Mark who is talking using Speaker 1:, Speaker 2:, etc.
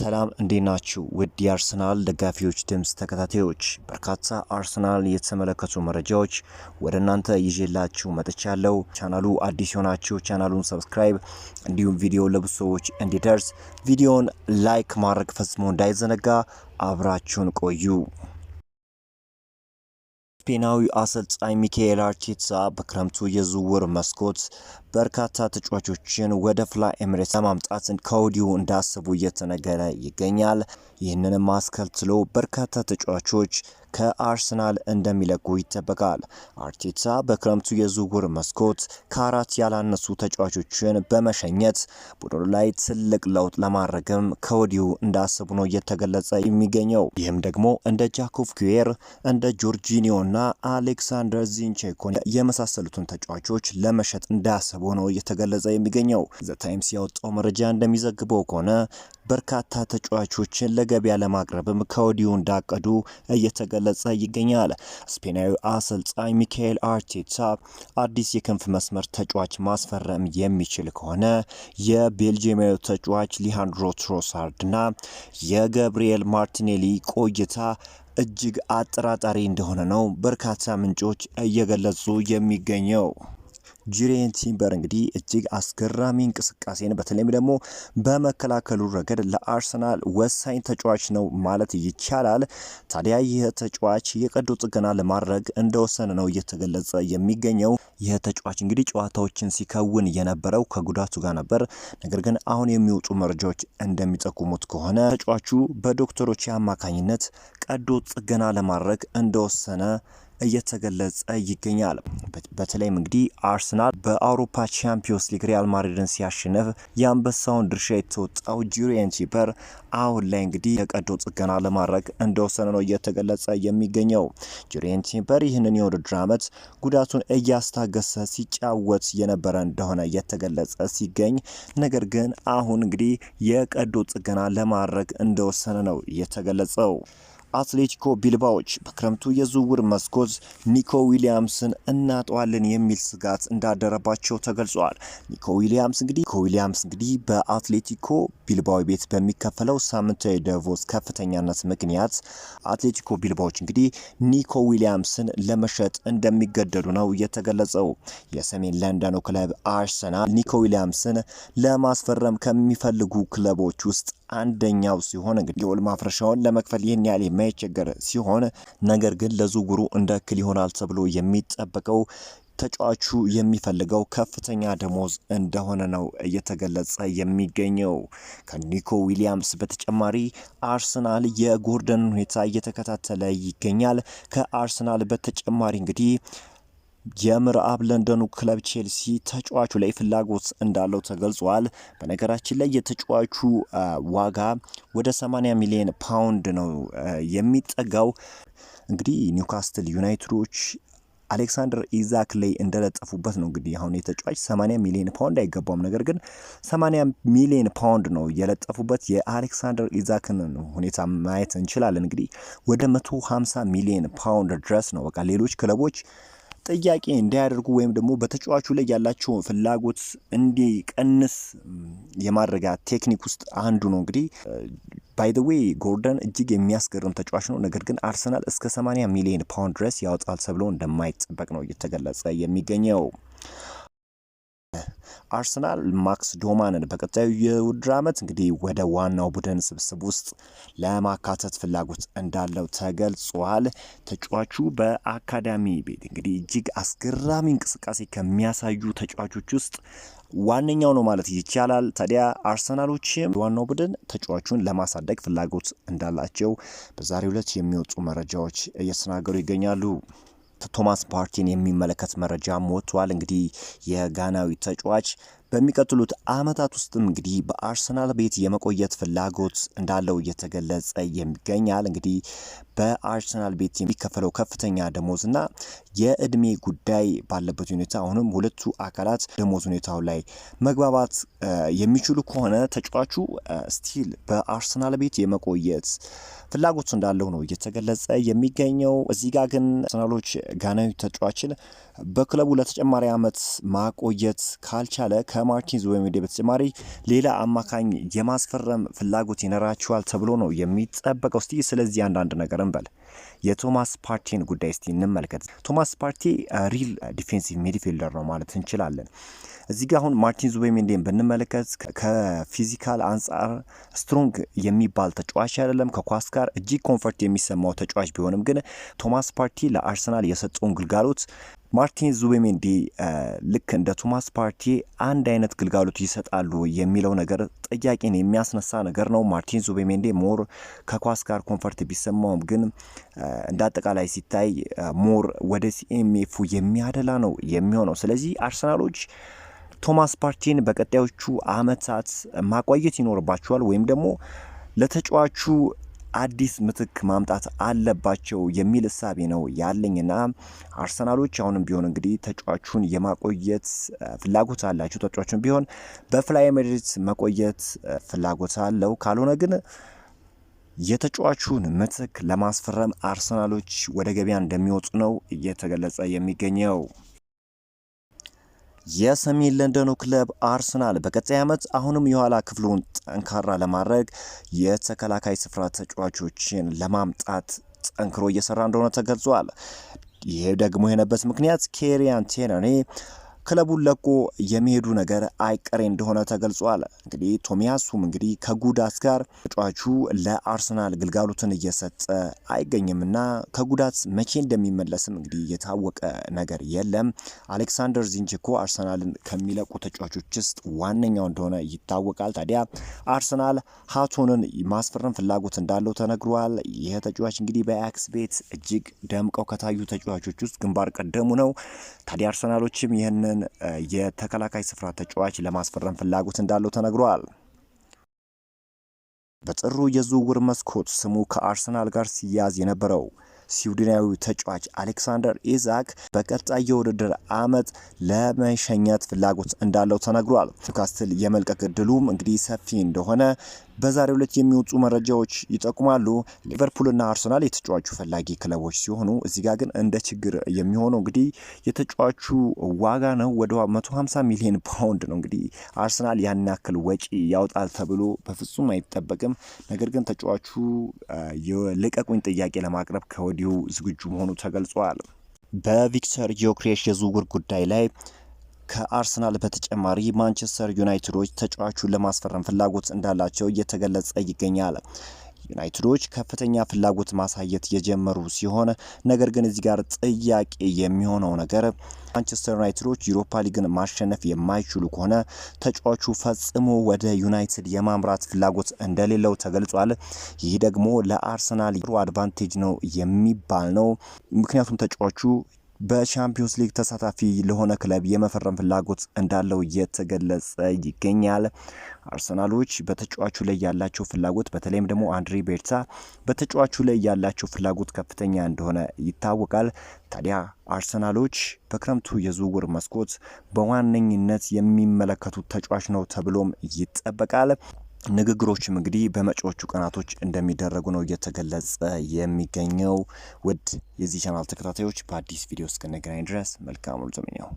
Speaker 1: ሰላም እንዴት ናችሁ? ውድ የአርሰናል ደጋፊዎች ድምፅ ተከታታዮች፣ በርካታ አርሰናል የተመለከቱ መረጃዎች ወደ እናንተ ይዤላችሁ መጥቻለሁ። ቻናሉ አዲስ የሆናችሁ ቻናሉን ሰብስክራይብ፣ እንዲሁም ቪዲዮ ለብዙ ሰዎች እንዲደርስ ቪዲዮን ላይክ ማድረግ ፈጽሞ እንዳይዘነጋ። አብራችሁን ቆዩ። ስፔናዊ አሰልጣኝ ሚካኤል አርቴታ በክረምቱ የዝውውር መስኮት በርካታ ተጫዋቾችን ወደ ፍላይ ኤምሬትስ ለማምጣት ከወዲሁ እንዳሰቡ እየተነገረ ይገኛል። ይህንንም አስከትሎ በርካታ ተጫዋቾች ከአርሰናል እንደሚለቁ ይጠበቃል። አርቴታ በክረምቱ የዝውውር መስኮት ከአራት ያላነሱ ተጫዋቾችን በመሸኘት ቡድኑ ላይ ትልቅ ለውጥ ለማድረግም ከወዲሁ እንዳሰቡ ነው እየተገለጸ የሚገኘው። ይህም ደግሞ እንደ ጃኮቭ ኩዌር፣ እንደ ጆርጂኒዮ እና አሌክሳንደር ዚንቼኮን የመሳሰሉትን ተጫዋቾች ለመሸጥ እንዳሰቡ ቅርብ ሆኖ እየተገለጸ የሚገኘው። ዘ ታይምስ ያወጣው መረጃ እንደሚዘግበው ከሆነ በርካታ ተጫዋቾችን ለገበያ ለማቅረብም ከወዲሁ እንዳቀዱ እየተገለጸ ይገኛል። ስፔናዊ አሰልጣኝ ሚካኤል አርቴታ አዲስ የክንፍ መስመር ተጫዋች ማስፈረም የሚችል ከሆነ የቤልጅየማዊ ተጫዋች ሊሃንድሮ ትሮሳርድና የገብርኤል ማርቲኔሊ ቆይታ እጅግ አጠራጣሪ እንደሆነ ነው በርካታ ምንጮች እየገለጹ የሚገኘው። ጂሬን ቲምበር እንግዲህ እጅግ አስገራሚ እንቅስቃሴን በተለይም ደግሞ በመከላከሉ ረገድ ለአርሰናል ወሳኝ ተጫዋች ነው ማለት ይቻላል። ታዲያ ይህ ተጫዋች የቀዶ ጥገና ለማድረግ እንደወሰነ ነው እየተገለጸ የሚገኘው። ይህ ተጫዋች እንግዲህ ጨዋታዎችን ሲከውን የነበረው ከጉዳቱ ጋር ነበር። ነገር ግን አሁን የሚወጡ መረጃዎች እንደሚጠቁሙት ከሆነ ተጫዋቹ በዶክተሮች አማካኝነት ቀዶ ጥገና ለማድረግ እንደወሰነ እየተገለጸ ይገኛል። በተለይም እንግዲህ አርሰናል በአውሮፓ ቻምፒዮንስ ሊግ ሪያል ማድሪድን ሲያሸንፍ የአንበሳውን ድርሻ የተወጣው ጁሪየን ቲምበር አሁን ላይ እንግዲህ የቀዶ ጥገና ለማድረግ እንደወሰነ ነው እየተገለጸ የሚገኘው። ጁሪየን ቲምበር ይህንን የውድድር ዓመት ጉዳቱን እያስታገሰ ሲጫወት የነበረ እንደሆነ እየተገለጸ ሲገኝ ነገር ግን አሁን እንግዲህ የቀዶ ጥገና ለማድረግ እንደወሰነ ነው የተገለጸው። አትሌቲኮ ቢልባዎች በክረምቱ የዝውውር መስኮት ኒኮ ዊሊያምስን እናጠዋለን የሚል ስጋት እንዳደረባቸው ተገልጿል። ኒኮ ዊሊያምስ እንግዲህ ኒኮ ዊሊያምስ እንግዲህ በአትሌቲኮ ቢልባዊ ቤት በሚከፈለው ሳምንታዊ ደቮዝ ከፍተኛነት ምክንያት አትሌቲኮ ቢልባዎች እንግዲህ ኒኮ ዊሊያምስን ለመሸጥ እንደሚገደዱ ነው የተገለጸው። የሰሜን ለንደኑ ክለብ አርሰናል ኒኮ ዊሊያምስን ለማስፈረም ከሚፈልጉ ክለቦች ውስጥ አንደኛው ሲሆን እንግዲህ የውል ማፍረሻውን ለመክፈል ይህን ያህል የማይቸገር ሲሆን ነገር ግን ለዝውውሩ እንደ እክል ይሆናል ተብሎ የሚጠበቀው ተጫዋቹ የሚፈልገው ከፍተኛ ደሞዝ እንደሆነ ነው እየተገለጸ የሚገኘው። ከኒኮ ዊሊያምስ በተጨማሪ አርሰናል የጎርደን ሁኔታ እየተከታተለ ይገኛል። ከአርሰናል በተጨማሪ እንግዲህ የምዕራብ ለንደኑ ክለብ ቼልሲ ተጫዋቹ ላይ ፍላጎት እንዳለው ተገልጿል። በነገራችን ላይ የተጫዋቹ ዋጋ ወደ 80 ሚሊዮን ፓውንድ ነው የሚጠጋው። እንግዲህ ኒውካስትል ዩናይትዶች አሌክሳንደር ኢዛክ ላይ እንደለጠፉበት ነው እንግዲህ አሁን የተጫዋች 80 ሚሊዮን ፓውንድ አይገባውም። ነገር ግን 80 ሚሊዮን ፓውንድ ነው የለጠፉበት። የአሌክሳንደር ኢዛክን ሁኔታ ማየት እንችላለን። እንግዲህ ወደ 150 ሚሊዮን ፓውንድ ድረስ ነው በቃ ሌሎች ክለቦች ጥያቄ እንዳያደርጉ ወይም ደግሞ በተጫዋቹ ላይ ያላቸውን ፍላጎት እንዲቀንስ የማድረጋ ቴክኒክ ውስጥ አንዱ ነው። እንግዲህ ባይ ዘ ዌይ ጎርደን እጅግ የሚያስገርም ተጫዋች ነው። ነገር ግን አርሰናል እስከ 80 ሚሊዮን ፓውንድ ድረስ ያወጣል ተብሎ እንደማይጠበቅ ነው እየተገለጸ የሚገኘው። አርሰናል ማክስ ዶማንን በቀጣዩ የውድድር ዓመት እንግዲህ ወደ ዋናው ቡድን ስብስብ ውስጥ ለማካተት ፍላጎት እንዳለው ተገልጿል። ተጫዋቹ በአካዳሚ ቤት እንግዲህ እጅግ አስገራሚ እንቅስቃሴ ከሚያሳዩ ተጫዋቾች ውስጥ ዋነኛው ነው ማለት ይቻላል። ታዲያ አርሰናሎችም ዋናው ቡድን ተጫዋቹን ለማሳደግ ፍላጎት እንዳላቸው በዛሬው ዕለት የሚወጡ መረጃዎች እየተናገሩ ይገኛሉ። ቶማስ ፓርቲን የሚመለከት መረጃም ወጥቷል። እንግዲህ የጋናዊ ተጫዋች በሚቀጥሉት ዓመታት ውስጥም እንግዲህ በአርሰናል ቤት የመቆየት ፍላጎት እንዳለው እየተገለጸ ይገኛል። እንግዲህ በአርሰናል ቤት የሚከፈለው ከፍተኛ ደሞዝ እና የእድሜ ጉዳይ ባለበት ሁኔታ አሁንም ሁለቱ አካላት ደሞዝ ሁኔታው ላይ መግባባት የሚችሉ ከሆነ ተጫዋቹ ስቲል በአርሰናል ቤት የመቆየት ፍላጎት እንዳለው ነው እየተገለጸ የሚገኘው። እዚህ ጋር ግን አርሰናሎች ጋናዊ ተጫዋችን በክለቡ ለተጨማሪ ዓመት ማቆየት ካልቻለ ከማርቲንዝ ወይም ዙቢሜንዲ በተጨማሪ ሌላ አማካኝ የማስፈረም ፍላጎት ይኖራቸዋል ተብሎ ነው የሚጠበቀው። እስቲ ስለዚህ አንዳንድ ነገርም سنبل የቶማስ ፓርቲን ጉዳይ እስቲ እንመልከት። ቶማስ ፓርቲ ሪል ዲፌንሲቭ ሚድፊልደር ነው ማለት እንችላለን። እዚህ ጋ አሁን ማርቲን ዙቤሜንዴን ብንመለከት ከፊዚካል አንጻር ስትሮንግ የሚባል ተጫዋች አይደለም። ከኳስ ጋር እጅግ ኮንፈርት የሚሰማው ተጫዋች ቢሆንም ግን ቶማስ ፓርቲ ለአርሰናል የሰጠውን ግልጋሎት ማርቲን ዙቤሜንዲ ልክ እንደ ቶማስ ፓርቲ አንድ አይነት ግልጋሎት ይሰጣሉ የሚለው ነገር ጥያቄን የሚያስነሳ ነገር ነው። ማርቲን ዙቤሜንዲ ሞር ከኳስ ጋር ኮንፈርት ቢሰማውም ግን እንደ አጠቃላይ ሲታይ ሞር ወደ ሲኤምኤፉ የሚያደላ ነው የሚሆነው። ስለዚህ አርሰናሎች ቶማስ ፓርቲን በቀጣዮቹ አመታት ማቆየት ይኖርባቸዋል ወይም ደግሞ ለተጫዋቹ አዲስ ምትክ ማምጣት አለባቸው የሚል እሳቤ ነው ያለኝና አርሰናሎች አሁንም ቢሆን እንግዲህ ተጫዋቹን የማቆየት ፍላጎት አላቸው። ተጫዋቹን ቢሆን በፍላይ መሬት መቆየት ፍላጎት አለው። ካልሆነ ግን የተጫዋቹን ምትክ ለማስፈረም አርሰናሎች ወደ ገበያ እንደሚወጡ ነው እየተገለጸ የሚገኘው። የሰሜን ለንደኑ ክለብ አርሰናል በቀጣይ ዓመት አሁንም የኋላ ክፍሉን ጠንካራ ለማድረግ የተከላካይ ስፍራ ተጫዋቾችን ለማምጣት ጠንክሮ እየሰራ እንደሆነ ተገልጿል። ይሄ ደግሞ የሆነበት ምክንያት ኬሪያን ቴነኔ ክለቡን ለቆ የመሄዱ ነገር አይቀሬ እንደሆነ ተገልጿል። እንግዲህ ቶሚያሱም እንግዲህ ከጉዳት ጋር ተጫዋቹ ለአርሰናል ግልጋሎትን እየሰጠ አይገኝምና ከጉዳት መቼ እንደሚመለስም እንግዲህ የታወቀ ነገር የለም። አሌክሳንደር ዚንችኮ አርሰናልን ከሚለቁ ተጫዋቾች ውስጥ ዋነኛው እንደሆነ ይታወቃል። ታዲያ አርሰናል ሀቶንን ማስፈረም ፍላጎት እንዳለው ተነግሯል። ይህ ተጫዋች እንግዲህ በአያክስ ቤት እጅግ ደምቀው ከታዩ ተጫዋቾች ውስጥ ግንባር ቀደሙ ነው። ታዲያ አርሰናሎችም ይህንን ይህንን የተከላካይ ስፍራ ተጫዋች ለማስፈረም ፍላጎት እንዳለው ተነግሯል። በጥሩ የዝውውር መስኮት ስሙ ከአርሰናል ጋር ሲያዝ የነበረው ስዊድናዊው ተጫዋች አሌክሳንደር ኢዛክ በቀጣይ የውድድር አመት ለመሸኘት ፍላጎት እንዳለው ተነግሯል። ኒውካስትል የመልቀቅ እድሉም እንግዲህ ሰፊ እንደሆነ በዛሬ ዕለት የሚወጡ መረጃዎች ይጠቁማሉ። ሊቨርፑልና አርሰናል የተጫዋቹ ፈላጊ ክለቦች ሲሆኑ እዚህ ጋር ግን እንደ ችግር የሚሆነው እንግዲህ የተጫዋቹ ዋጋ ነው። ወደ 150 ሚሊዮን ፓውንድ ነው። እንግዲህ አርሰናል ያን ያክል ወጪ ያውጣል ተብሎ በፍጹም አይጠበቅም። ነገር ግን ተጫዋቹ የልቀቁኝ ጥያቄ ለማቅረብ ከወዲሁ ዝግጁ መሆኑ ተገልጿል። በቪክተር ዮክሬሽ የዝውውር ጉዳይ ላይ ከአርሰናል በተጨማሪ ማንቸስተር ዩናይትዶች ተጫዋቹን ለማስፈረም ፍላጎት እንዳላቸው እየተገለጸ ይገኛል። ዩናይትዶች ከፍተኛ ፍላጎት ማሳየት የጀመሩ ሲሆን ነገር ግን እዚህ ጋር ጥያቄ የሚሆነው ነገር ማንቸስተር ዩናይትዶች ዩሮፓ ሊግን ማሸነፍ የማይችሉ ከሆነ ተጫዋቹ ፈጽሞ ወደ ዩናይትድ የማምራት ፍላጎት እንደሌለው ተገልጿል። ይህ ደግሞ ለአርሰናል ጥሩ አድቫንቴጅ ነው የሚባል ነው። ምክንያቱም ተጫዋቹ በቻምፒዮንስ ሊግ ተሳታፊ ለሆነ ክለብ የመፈረም ፍላጎት እንዳለው እየተገለጸ ይገኛል። አርሰናሎች በተጫዋቹ ላይ ያላቸው ፍላጎት በተለይም ደግሞ አንድሬ ቤርታ በተጫዋቹ ላይ ያላቸው ፍላጎት ከፍተኛ እንደሆነ ይታወቃል። ታዲያ አርሰናሎች በክረምቱ የዝውውር መስኮት በዋነኝነት የሚመለከቱት ተጫዋች ነው ተብሎም ይጠበቃል። ንግግሮችም እንግዲህ በመጪዎቹ ቀናቶች እንደሚደረጉ ነው እየተገለጸ የሚገኘው። ውድ የዚህ ቻናል ተከታታዮች በአዲስ ቪዲዮ እስክንገናኝ ድረስ መልካሙን ዘመኛው